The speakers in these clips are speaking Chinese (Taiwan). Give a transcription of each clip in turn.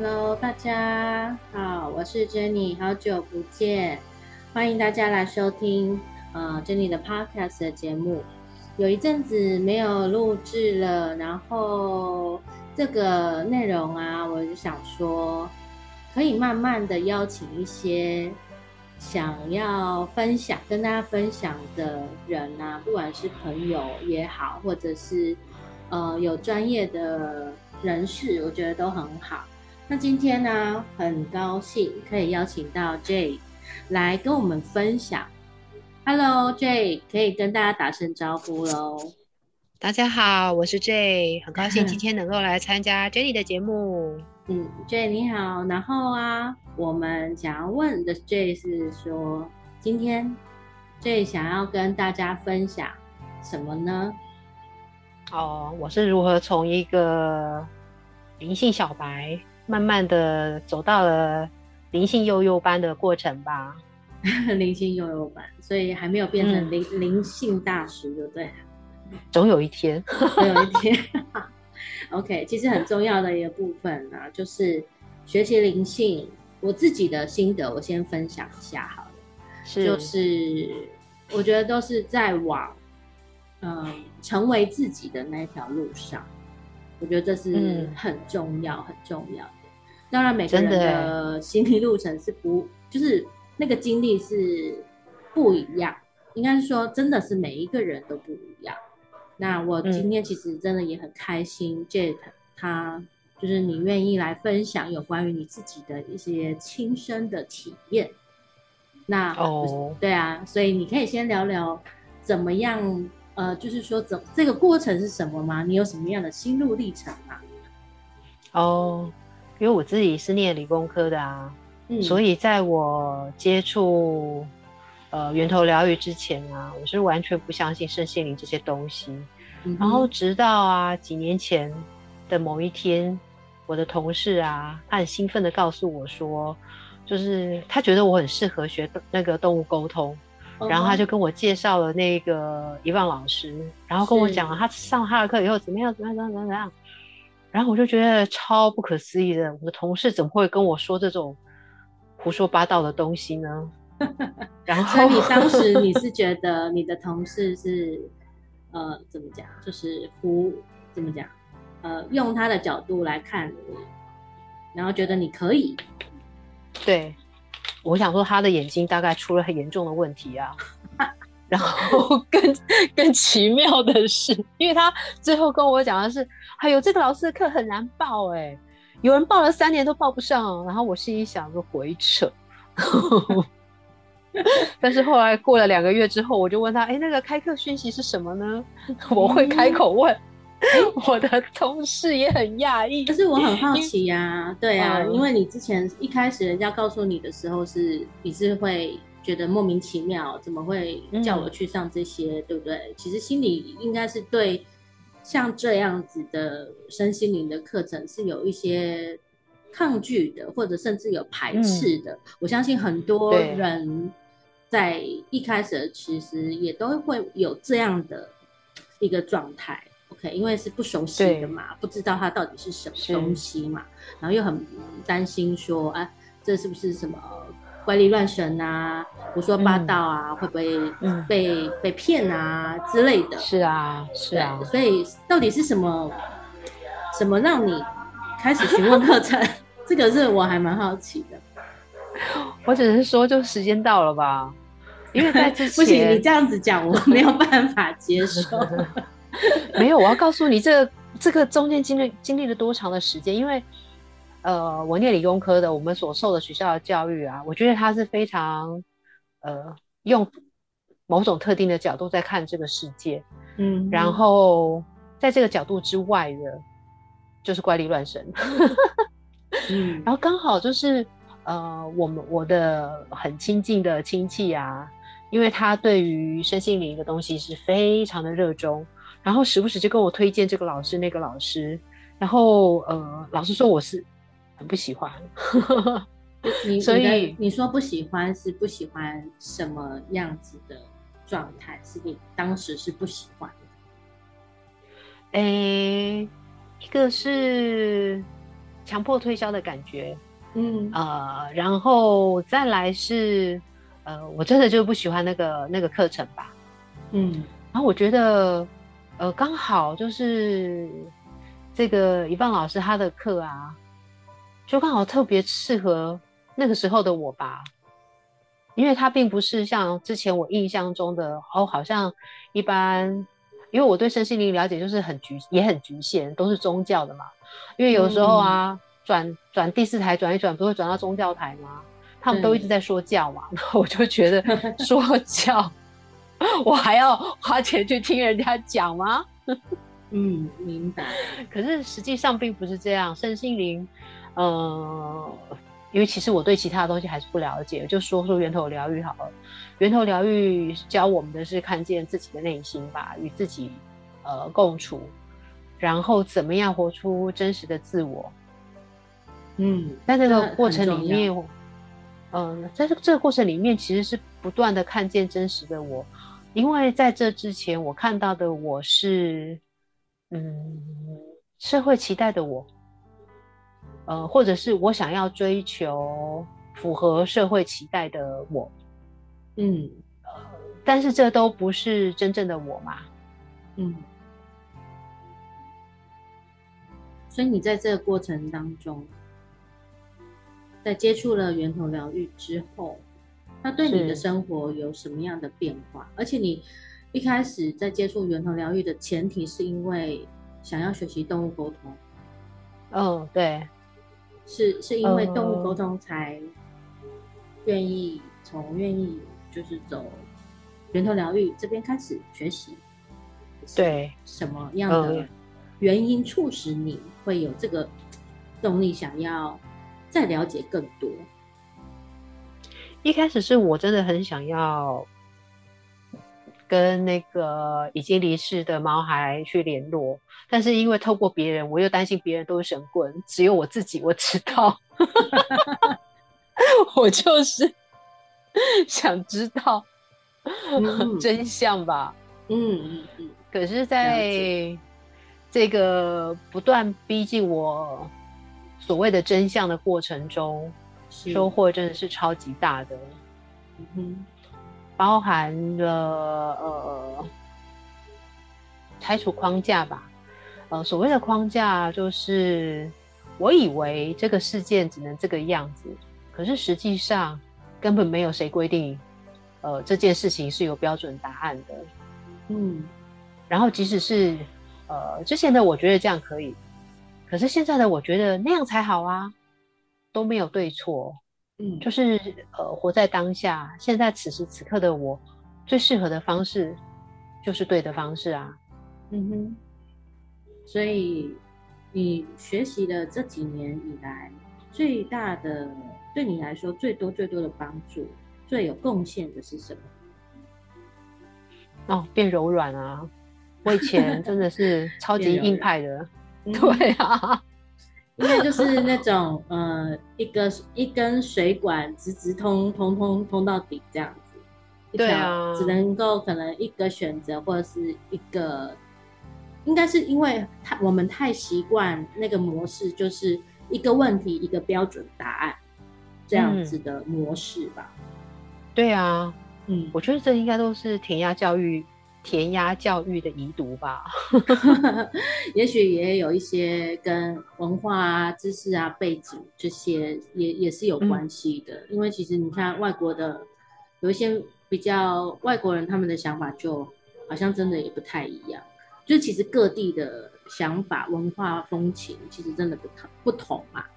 Hello，大家好，我是 Jenny，好久不見，歡迎大家來收聽呃 Jenny 的 Podcast 的節目。有一陣子沒有錄製了，然後這個內容啊，我就想說，可以慢慢的邀請一些想要分享跟大家分享的人啊，不管是朋友也好，或者是呃有專業的人士，我覺得都很好。那今天呢，啊，很高興可以邀請到 J 來跟我們分享。Hello，J 可以跟大家打聲招呼嘍。大家好，我是 J，很高興今天能夠來參加 Jenny 的節目。 嗯，J 你好，然後啊，我們想要問的 J 是說，今天 J 想要跟大家分享什麼呢？哦，我是如何從一個靈性小白。慢慢的走到了靈性幼幼班的過程吧，靈 性幼幼班，所以還沒有變成靈靈、嗯、性大師，就對了。總有一天，總有一天。OK，其實很重要的一個部分啊，就是學習靈性。我自己的心得，我先分享一下，好了，是，就是我覺得都是在往嗯、呃、成為自己的那條路上，我覺得這是很重要，嗯、很重要。當然，每個人的心理路程是不，就是那個經歷是不一樣，應該是說真的是每一個人都不一樣。那我今天其實真的也很開心、嗯、Jade 他，就是你願意來分享有關於你自己的一些親身的體驗。那哦，對啊，所以你可以先聊聊怎麼樣，呃，就是說怎這個過程是什麼嗎？你有什麼樣的心路歷程啊？哦。因為我自己是念理工科的啊，嗯、所以在我接觸呃源頭療癒之前啊，我是完全不相信身心靈這些東西、嗯。然後直到啊幾年前的某一天，我的同事啊，他很興奮的告訴我說，就是他覺得我很適合學那個動物溝通、嗯，然後他就跟我介紹了那個一萬老師，然後跟我講了他上他的課以後怎麼樣怎麼樣怎麼樣怎麼樣。怎麼樣怎麼樣怎麼樣然後我就覺得超不可思議的，我的同事怎麼會跟我說這種胡說八道的東西呢？ 然後當 時你是覺得你的同事是呃怎麼講，就是胡怎麼講？呃，用他的角度來看你，然後覺得你可以。對，我想說他的眼睛大概出了很嚴重的問題啊。 然後更更奇妙的是，因為他最後跟我講的是，哎呦，這個老師的課很難報哎，欸，有人報了三年都報不上。然後我心裡想說鬼扯， 但是後來過了兩個月之後，我就問他，哎，那個開課訊息是什麼呢？我會開口問，嗯， 我的同事也很訝異，可是我很好奇呀，啊，對啊，因為你之前一開始人家告訴你的時候，是你是會。覺得莫名其妙，怎麼會叫我去上這些，嗯、對不對？其實心裡應該是對像這樣子的身心靈的課程是有一些抗拒的，或者甚至有排斥的。嗯、我相信很多人在一開始其實也都會有這樣的一個狀態，OK？因為是不熟悉的嘛，不知道它到底是什麼東西嘛，然後又很擔心說，啊，這是不是什麼？怪力亂神啊，胡說八道啊、嗯，會不會被、嗯、被騙啊之類的？是啊，是啊。所以到底是什麼，嗯、什麼讓你開始詢問課程？ 這個是我還蠻好奇的。 我只是說就時間到了吧，因為在之前 不行，你這樣子講，我沒有辦法接受。 沒有，我要告訴你、這個，這個這個中間經歷經歷了多長的時間？因為。呃，我念理工科的，我們所受的學校的教育啊，我覺得他是非常，呃，用某種特定的角度在看這個世界，嗯，然後在這個角度之外的，就是怪力亂神、 嗯，然後剛好就是呃，我們我的很親近的親戚啊，因為他對於身心靈的東西是非常的熱衷，然後時不時就跟我推薦這個老師那個老師，然後呃，老師說我是。很不喜歡， 所以你說不喜歡是不喜歡什麼樣子的狀態？是你當時是不喜歡的。欸、一個是強迫推銷的感覺，嗯、呃、然後再來是呃，我真的就不喜歡那個那個課程吧，嗯，然後我覺得呃，剛好就是這個一棒老師他的課啊。就剛好特別適合那個時候的我吧，因為它並不是像之前我印象中的哦，好像一般，因為我對身心靈了解就是很局也很局限，都是宗教的嘛。因為有時候啊，轉、嗯、轉第四台轉一轉，不會轉到宗教台嗎？他們都一直在說教嘛，嗯、我就覺得 說教，我還要花錢去聽人家講嗎？ 嗯，明白。可是實際上並不是這樣，身心靈。嗯，因為其實我對其他的東西還是不了解，就說說源頭療癒好了。源頭療癒教我們的是看見自己的內心吧，與自己呃共處，然後怎麼樣活出真實的自我。嗯，在這個過程裡面，嗯，在這這個過程裡面其實是不斷的看見真實的我，因為在這之前我看到的我是嗯社會期待的我。呃，或者是我想要追求符合社會期待的我，嗯，但是這都不是真正的我嘛，嗯。所以你在這個過程當中，在接觸了源頭療癒之後，它對你的生活有什麼樣的變化？而且你一開始在接觸源頭療癒的前提，是因為想要學習動物溝通。哦，對。是，是因為動物溝通才願意從願意就是走源頭療癒這邊開始學習，對，什麼樣的原因促使你會有這個動力想要再了解更多？一開始是我真的很想要。跟那個已經離世的毛孩去聯絡，但是因為透過別人，我又擔心別人都是神棍，只有我自己我知道， 我就是想知道，嗯，真相吧。嗯，嗯，嗯。可是，在這個不斷逼近我所謂的真相的過程中，收穫真的是超級大的。嗯哼。包含了呃拆除框架吧，呃所謂的框架就是我以為這個事件只能這個樣子，可是實際上根本沒有誰規定，呃這件事情是有標準答案的，嗯，然後即使是呃之前的我覺得這樣可以，可是現在的我覺得那樣才好啊，都沒有對錯。嗯，就是呃，活在當下，現在此時此刻的我，最適合的方式就是對的方式啊。嗯哼，所以你學習了這幾年以來，最大的對你來說最多最多的幫助、最有貢獻的是什麼？哦，變柔軟啊！我以前真的是超級硬派的，嗯、對啊。 應該就是那種，呃、嗯，一個一根水管直直通通通通到底這樣子，對啊，只能夠可能一個選擇或者是一個，應該是因為太我們太習慣那個模式，就是一個問題一個標準答案這樣子的模式吧，對啊，嗯，我覺得這應該都是填鴨教育。填鴨教育的遺毒吧， 也許也有一些跟文化啊、知識啊、背景這些也也是有關係的、嗯。因為其實你看外國的，有一些比較外國人他們的想法，就好像真的也不太一樣。就其實各地的想法、文化風情，其實真的不不同嘛、啊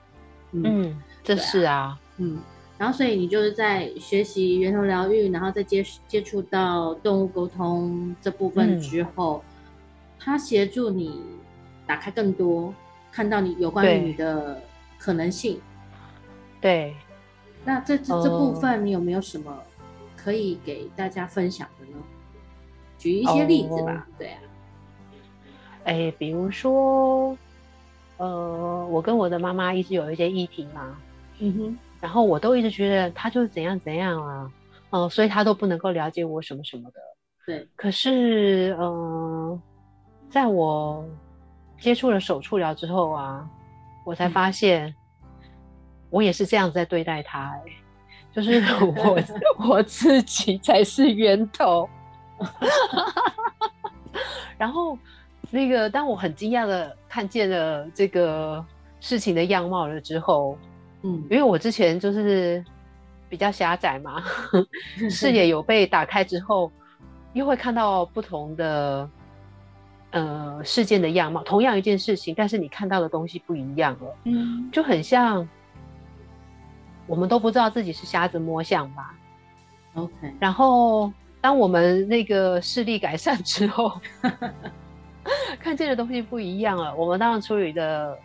嗯。嗯，這是啊，啊嗯。然後，所以你就是在學習源頭療癒，然後再接觸到動物溝通這部分之後、嗯，它協助你打開更多，看到你有關於你的可能性。對，對那這這、呃、這部分你有沒有什麼可以給大家分享的呢？舉一些例子吧、嗯。對啊。哎、欸，比如說，呃，我跟我的媽媽一直有一些議題嘛。嗯哼。然後我都一直覺得他就是怎樣怎樣啊，嗯、呃，所以他都不能夠了解我什麼什麼的。對，可是嗯、呃，在我接觸了手觸療之後啊，我才發現我也是這樣在對待他、欸嗯，就是我 我自己才是源頭。 然後那個，當我很驚訝的看見了這個事情的樣貌了之後。嗯，因為我之前就是比較狹窄嘛， 視野有被打開之後， 又會看到不同的呃事件的樣貌。同樣一件事情，但是你看到的東西不一樣了，嗯，就很像我們都不知道自己是瞎子摸象吧？OK，然後當我們那個視力改善之後， 看見的東西不一樣了，我們當然處理的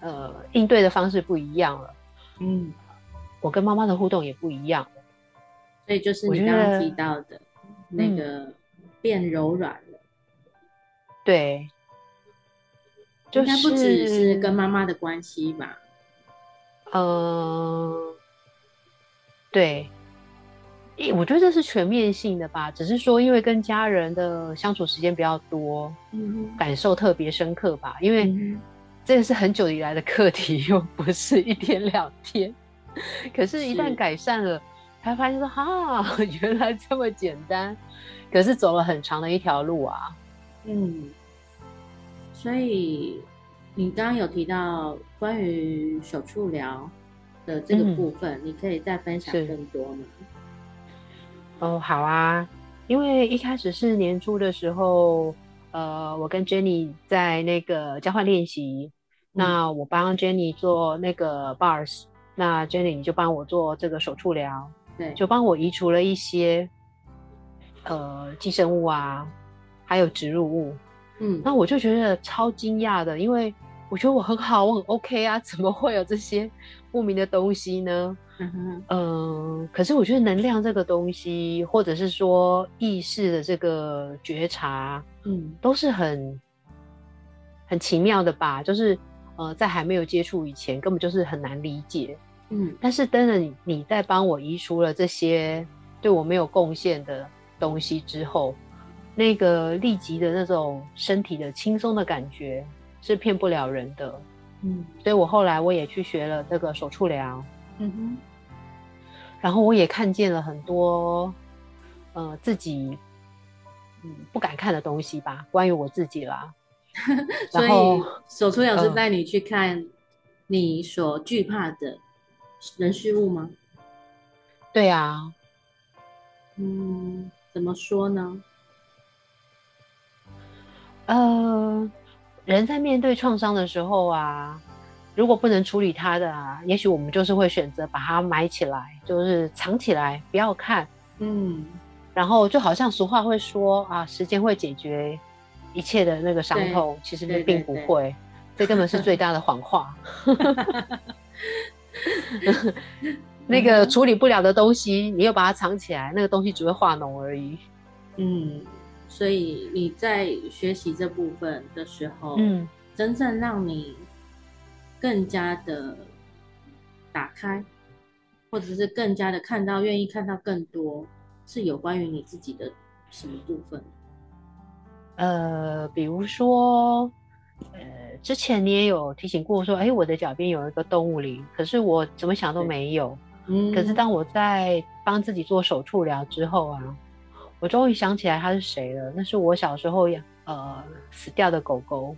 呃應對的方式不一樣了。嗯，我跟媽媽的互動也不一樣，所以就是你剛剛提到的，那個變柔軟了、嗯。對，就是、應該不只是跟媽媽的關係吧？呃，對、欸，我覺得這是全面性的吧，只是說因為跟家人的相處時間比較多，嗯、感受特別深刻吧，因為。嗯。這也是很久以來的課題，又不是一天兩天。可是，一旦改善了，他發現說哈、啊，原來這麼簡單。可是走了很長的一條路啊。嗯。所以，你剛剛有提到關於手觸療的這個部分、嗯，你可以再分享更多嗎？哦，好啊。因為一開始是年初的時候。呃，我跟 Jenny 在那個交換練習，那我幫 Jenny 做那個 bars，那 Jenny 你就幫我做這個手觸療，對，就幫我移除了一些呃寄生物啊，還有植入物，嗯，那我就覺得超驚訝的，因為我覺得我很好，我很 OK 啊，怎麼會有這些？不明的東西呢，嗯、uh-huh. 呃，可是我覺得能量這個東西，或者是說意識的這個覺察，嗯，嗯都是很很奇妙的吧。就是呃，在還沒有接觸以前，根本就是很難理解。嗯，但是等等，你在幫我移除了這些對我沒有貢獻的東西之後，那個立即的那種身體的輕鬆的感覺，是騙不了人的。嗯，所以我後來我也去學了這個手觸療、嗯哼，然後我也看見了很多，呃，自己，嗯、不敢看的東西吧，關於我自己啦。 所以手觸療是帶你去看，呃、你所懼怕的人事物嗎？對啊，嗯，怎麼說呢？呃。人在面對創傷的時候啊，如果不能處理它的啊，也許我們就是會選擇把它埋起來，就是藏起來，不要看。嗯，然後就好像俗話會說啊，時間會解決一切的那個傷痛，其實那並不會，對對對對，這根本是最大的謊話。 那個處理不了的東西，你又把它藏起來，那個東西只會化膿而已。嗯。所以你在學習這部分的時候，嗯，真正讓你更加的打開，或者是更加的看到、願意看到更多，是有關於你自己的什麼部分？呃，比如說，呃，之前你也有提醒過說，哎、欸，我的腳邊有一個動物靈，可是我怎麼想都沒有。嗯、可是當我在幫自己做手觸療之後啊。我終於想起來他是誰了，那是我小時候養呃死掉的狗狗，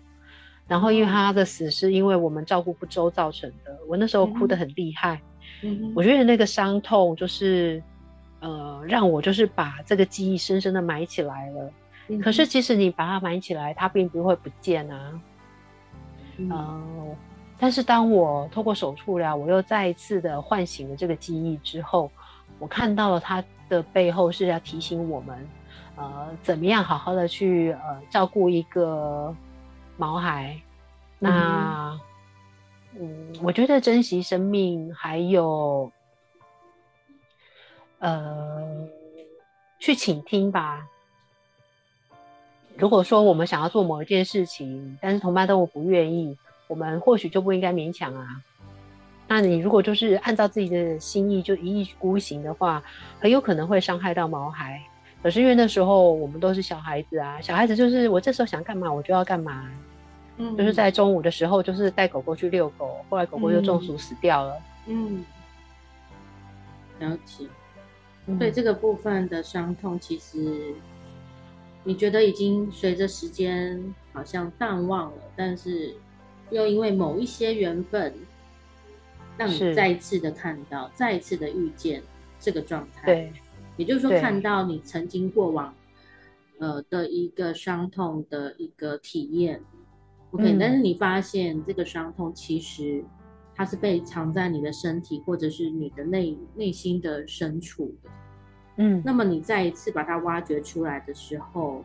然後因為他的死是因為我們照顧不周造成的，我那時候哭得很厲害，嗯、我覺得那個傷痛就是呃讓我就是把這個記憶深深的埋起來了，嗯、可是其實你把它埋起來，它並不會不見啊，嗯，呃、但是當我透過手觸療，我又再一次的喚醒了這個記憶之後，我看到了他。的背後是要提醒我們，呃，怎麼樣好好的去呃照顧一個毛孩，那，嗯，嗯，我覺得珍惜生命，還有，呃，去傾聽吧。如果說我們想要做某一件事情，但是同伴都不願意，我們或許就不應該勉強啊。那你如果就是按照自己的心意就一意孤行的話，很有可能會傷害到毛孩。可是因為那時候我們都是小孩子啊，小孩子就是我這時候想幹嘛我就要幹嘛。嗯，就是在中午的時候就是帶狗狗去遛狗，後來狗狗又中暑死掉了。嗯，嗯了解、嗯。對這個部分的傷痛，其實你覺得已經隨着時間好像淡忘了，但是又因為某一些緣分。讓你再一次的看到，再一次的遇見這個狀態。對，也就是說，看到你曾經過往，呃，的一個傷痛的一個體驗。OK，嗯，但是你發現這個傷痛其實它是被藏在你的身體或者是你的內內心的深處的。嗯，那麼你再一次把它挖掘出來的時候，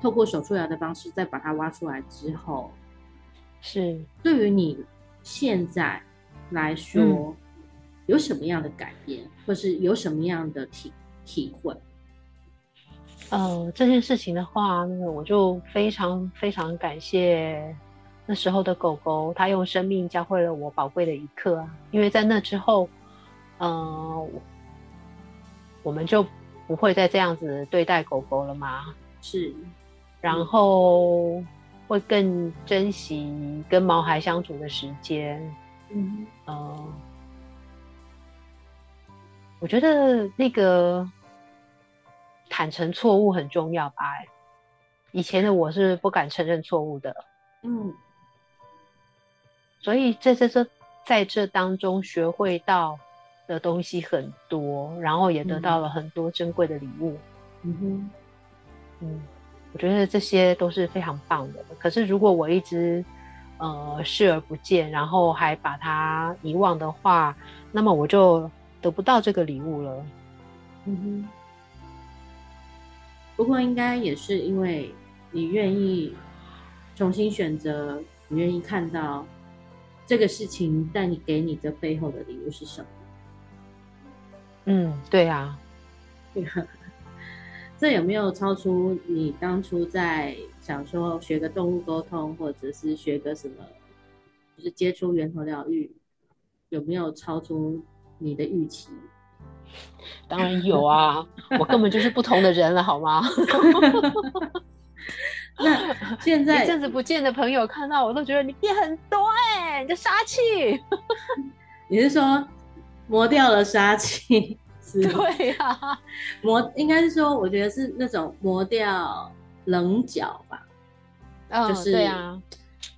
透過手觸療的方式再把它挖出來之後，是對於你現在。來說、嗯、有什麼樣的改變，或是有什麼樣的體體會？呃，這件事情的話，那我就非常非常感謝那時候的狗狗，它用生命教會了我寶貴的一課啊！因為在那之後，嗯、呃，我們就不會再這樣子對待狗狗了嘛。是，然後會更珍惜跟毛孩相處的時間。嗯、uh, 我覺得那個坦誠錯誤很重要吧、欸？以前的我是不敢承認錯誤的。嗯，所以在這，在這當中學會到的東西很多，然後也得到了很多珍貴的禮物。嗯哼，嗯，我覺得這些都是非常棒的。可是如果我一直……呃，視而不見，然後還把它遺忘的話，那麼我就得不到這個禮物了。嗯哼。不過，應該也是因為你願意重新選擇，你願意看到這個事情，但你給你這背後的禮物是什麼？嗯，對啊，對啊。 這有沒有超出你當初在？想說學個動物溝通，或者是學個什麼，就是接觸源頭療癒，有沒有超出你的預期？當然有啊， 我根本就是不同的人了，好嗎？ 那現在一陣子不見的朋友看到我都覺得你變很多哎、欸，你的殺氣， 你是說磨掉了殺氣？對啊，磨應該是說，我覺得是那種磨掉。稜角吧，oh, 就是，嗯、啊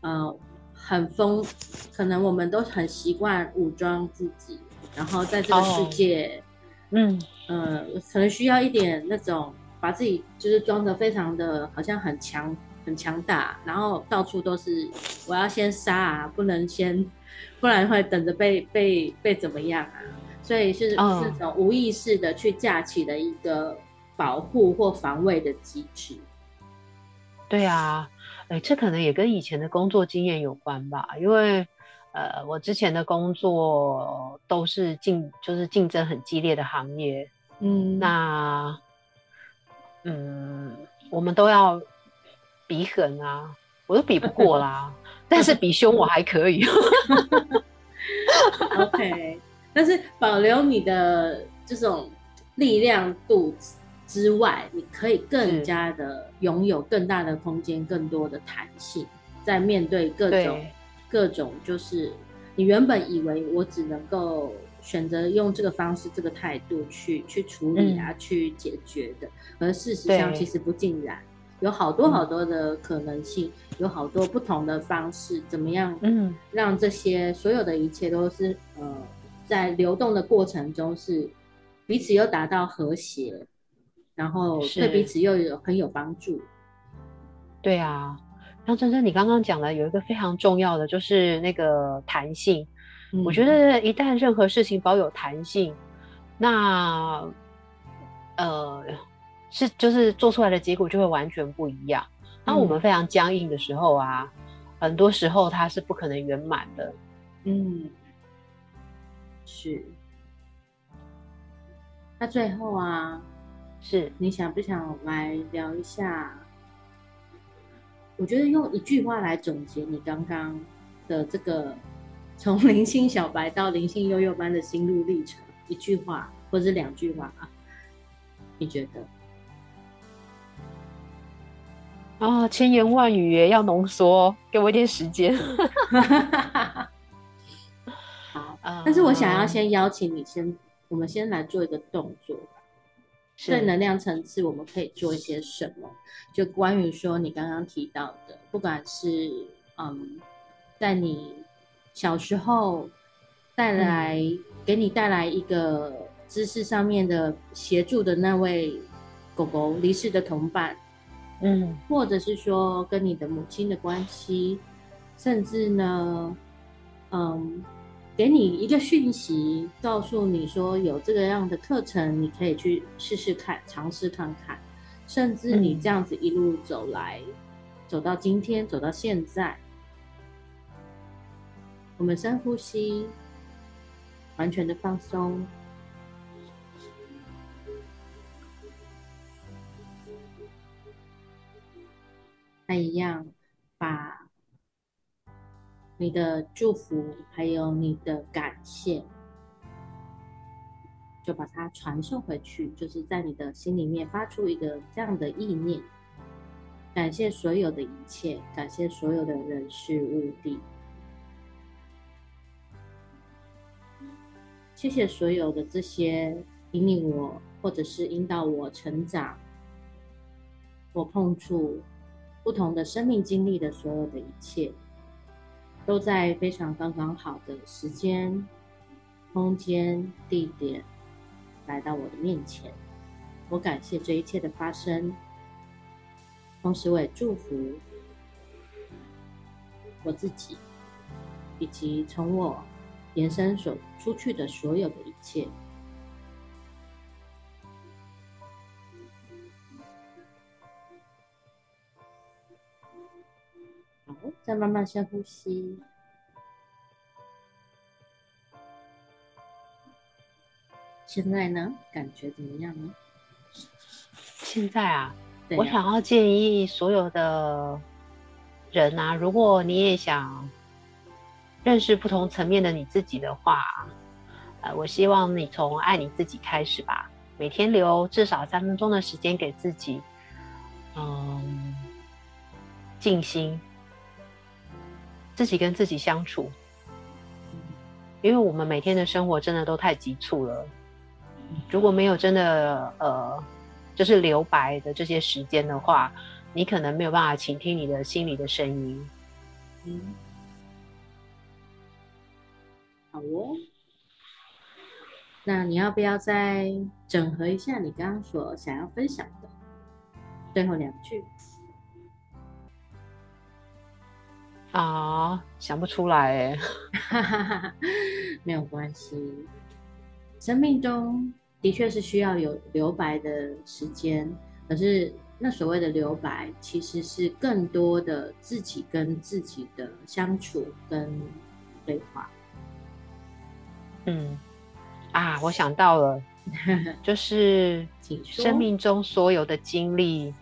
呃，很瘋，可能我們都很習慣武裝自己，然後在這個世界，嗯、oh.，呃，可能需要一點那種把自己就是裝得非常的，好像很強、很強大，然後到處都是我要先殺啊，不能先，不然會等着被被被怎麼樣啊？所以是、oh. 是種無意識的去架起了一個保護或防衛的機制。對啊，哎，這可能也跟以前的工作經驗有關吧，因為呃，我之前的工作都是競，就是競爭很激烈的行業，嗯，那嗯，我們都要比狠啊，我都比不過啦， 但是比凶我還可以 ，OK，但是保留你的這種力量度。之外，你可以更加的擁有更大的空間、嗯，更多的彈性，在面對各種對各種，就是你原本以為我只能夠選擇用這個方式、這個態度去去處理啊、嗯、去解決的，而事實上其實不盡然，有好多好多的可能性、嗯，有好多不同的方式，怎麼樣讓這些所有的一切都是、嗯、呃，在流動的過程中是彼此又達到和諧。然後對彼此又有很有幫助。對啊，張真真，你剛剛講了有一個非常重要的，就是那個彈性、嗯。我覺得一旦任何事情保有彈性，那呃是就是做出來的結果就會完全不一樣、嗯。當我們非常僵硬的時候啊，很多時候它是不可能圓滿的。嗯，是。那最後啊。是你想不想來聊一下？我覺得用一句話來總結你剛剛的這個從靈性小白到靈性幼幼班的心路歷程，一句話或者兩句話啊？你覺得？啊，千言萬語要濃縮哦，給我一點時間。 好，但是我想要先邀請你先，先我們先來做一個動作。正能量層次，我們可以做一些什麼？就關於說你剛剛提到的，不管是嗯，在你小時候帶來、嗯、給你帶來一個知識上面的協助的那位狗狗離世的同伴，嗯，或者是說跟你的母親的關係，甚至呢，嗯。給你一個訊息，告訴你說有這個樣的課程，你可以去試試看，嘗試看看，甚至你這樣子一路走來，嗯、走到今天，走到現在，我們深呼吸，完全的放鬆，那一樣把。你的祝福，還有你的感謝，就把它傳送回去，就是在你的心裡面發出一個這樣的意念：感謝所有的一切，感謝所有的人事物地，謝謝所有的這些引領我，或者是引導我成長，我碰觸不同的生命經歷的所有的一切。都在非常剛剛好的時間、空間、地點來到我的面前，我感謝這一切的發生，同時我也祝福我自己，以及從我延伸所出去的所有的一切。慢慢深呼吸。現在呢，感覺怎麼樣呢？現在啊，啊，我想要建議所有的人啊，如果你也想認識不同層面的你自己的話，呃，我希望你從愛你自己開始吧。每天留至少三分鐘的時間給自己，嗯，靜心。自己跟自己相處，因為我們每天的生活真的都太急促了。如果沒有真的呃，就是留白的這些時間的話，你可能沒有辦法傾聽你的心裡的聲音。嗯，好哦。那你要不要再整合一下你剛剛所想要分享的最後兩句？啊，想不出來哈，欸， 沒有關係。生命中的確是需要有留白的時間，可是那所謂的留白，其實是更多的自己跟自己的相處跟對話。嗯，啊，我想到了， 就是生命中所有的經歷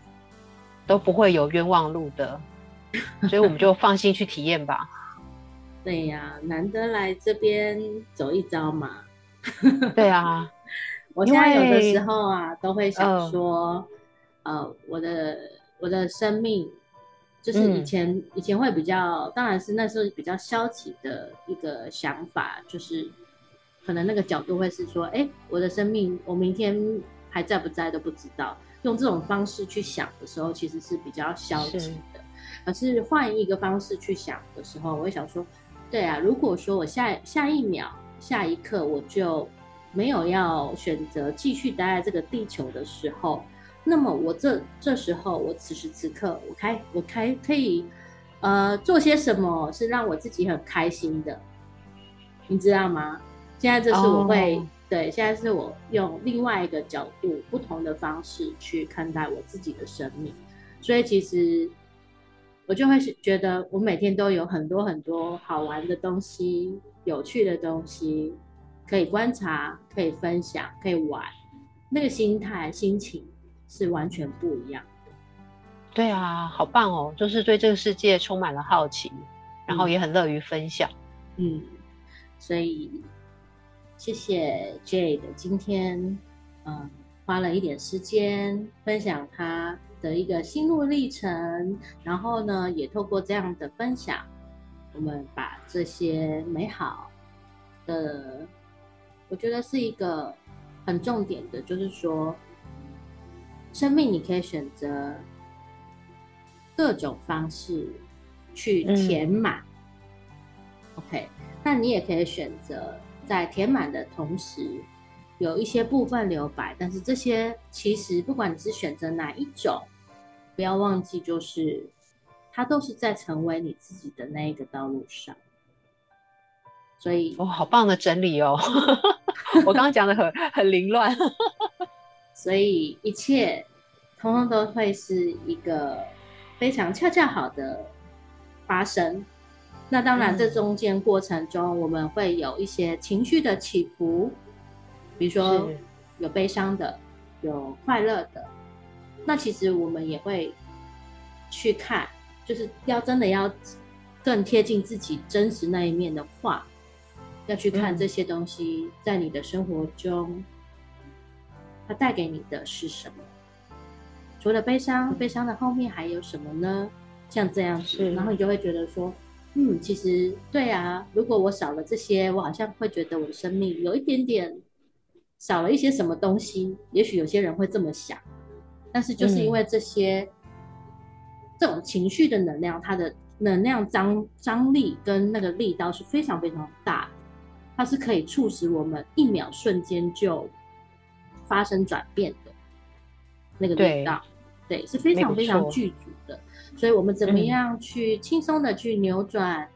都不會有冤枉路的。 所以我們就放心去體驗吧。 對呀、啊，難得來這邊走一遭嘛。 對啊， 我現在有的時候啊，都會想說，呃，呃我的我的生命，就是以前、嗯、以前會比較，當然是那時候比較消極的一個想法，就是可能那個角度會是說，哎，我的生命，我明天還在不在都不知道。用這種方式去想的時候，其實是比較消極的。可是換一個方式去想的時候，我會想說，對啊，如果說我下下一秒，下一刻，我就沒有要選擇繼續待在這個地球的時候，那麼我這這時候，我此時此刻我，我開我開可以，可以呃做些什麼，是讓我自己很開心的，你知道嗎？現在這是我會、oh. 對，現在是我用另外一個角度，不同的方式去看待我自己的生命，所以其實。我就會覺得，我每天都有很多很多好玩的東西、有趣的東西可以觀察、可以分享、可以玩，那個心態、心情是完全不一樣的。對啊，好棒哦！就是對這個世界充滿了好奇，嗯，然後也很樂於分享。嗯，所以謝謝 Jade 今天，嗯，花了一點時間分享他的一個心路歷程，然後呢，也透過這樣的分享，我們把這些美好的，我覺得是一個很重點的，就是說，生命你可以選擇各種方式去填滿，嗯，OK，那你也可以選擇在填滿的同時。有一些部分留白，但是這些其實不管你是選擇哪一種，不要忘記，就是它都是在成為你自己的那一個道路上。所以，哇、哦，好棒的整理哦！ 我剛剛講得很很凌亂， 所以一切通通都會是一個非常恰恰好的發生。那當然，這中間過程中，我們會有一些情緒的起伏。比如說，有悲傷的，有快樂的，那其實我們也會去看，就是要真的要更貼近自己真實那一面的話，要去看這些東西在你的生活中，嗯、它帶給你的是什麼？除了悲傷，悲傷的後面還有什麼呢？像這樣子，是然後你就會覺得說，嗯，其實對啊，如果我少了這些，我好像會覺得我的生命有一點點少了一些什麼東西，也許有些人會這麼想，但是就是因為這些、嗯、這種情緒的能量，它的能量張張力跟那個力道是非常非常大的，它是可以促使我們一秒瞬間就發生轉變的，那個力道，對，對，是非常非常具足的，所以我們怎麼樣去輕鬆的去扭轉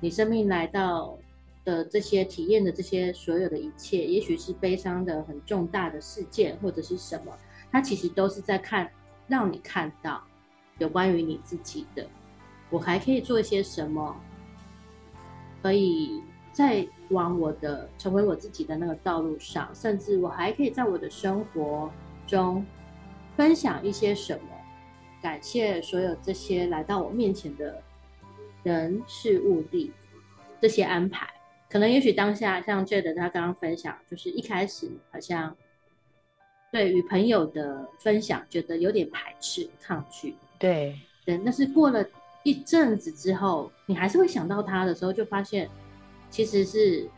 你生命來到的這些體驗的這些所有的一切，也許是悲傷的很重大的事件，或者是什麼，它其實都是在看，讓你看到有關於你自己的，我還可以做一些什麼，可以再往我的成為我自己的那個道路上，甚至我還可以在我的生活中分享一些什麼，感謝所有這些來到我面前的人、事物、地這些安排。可能也許當下像 Jade 他剛剛分享，就是一開始好像對於朋友的分享覺得有點排斥抗拒，對對，但是過了一陣子之後，你還是會想到他的時候，就發現其實是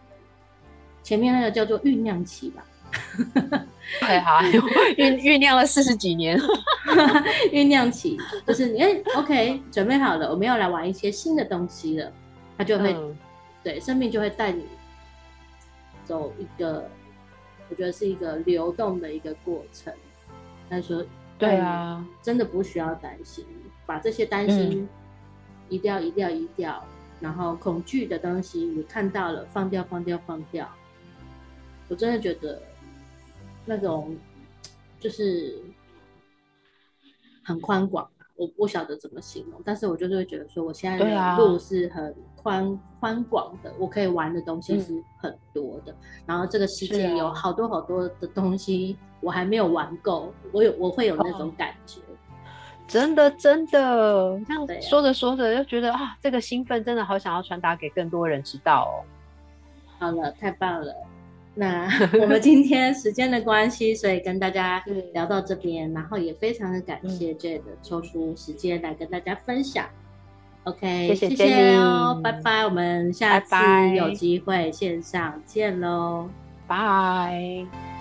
前面那個叫做醞釀期吧。哎好，醞醞釀了四十幾年，醞 釀 期就是你、欸、OK 準備好了，我們要來玩一些新的東西了，他就會、嗯。對，生命就會帶你走一個，我覺得是一個流動的一個過程。他說：“對啊，真的不需要擔心，啊，把這些擔心移掉，移掉移掉移掉，然後恐懼的東西你看到了，放掉放掉放掉。放掉”我真的覺得那種就是很寬廣。我不曉得怎麼形容，但是我就是會覺得說，我現在路是很寬寬廣的，我可以玩的東西是很多的，嗯、然後這個世界有好多好多的東西，我還沒有玩夠、啊，我有我會有那種感覺，哦、真的真的，這樣說着說着又覺得啊，啊，這個興奮真的好想要傳達給更多人知道哦，好了，太棒了。 那我們今天時間的關係， 所以跟大家聊到這邊，嗯、然後也非常的感謝 Jade 抽出時間來跟大家分享。嗯、OK，謝謝，謝謝哦，拜拜，我們下次 bye bye 有機會線上見嘍，拜。Bye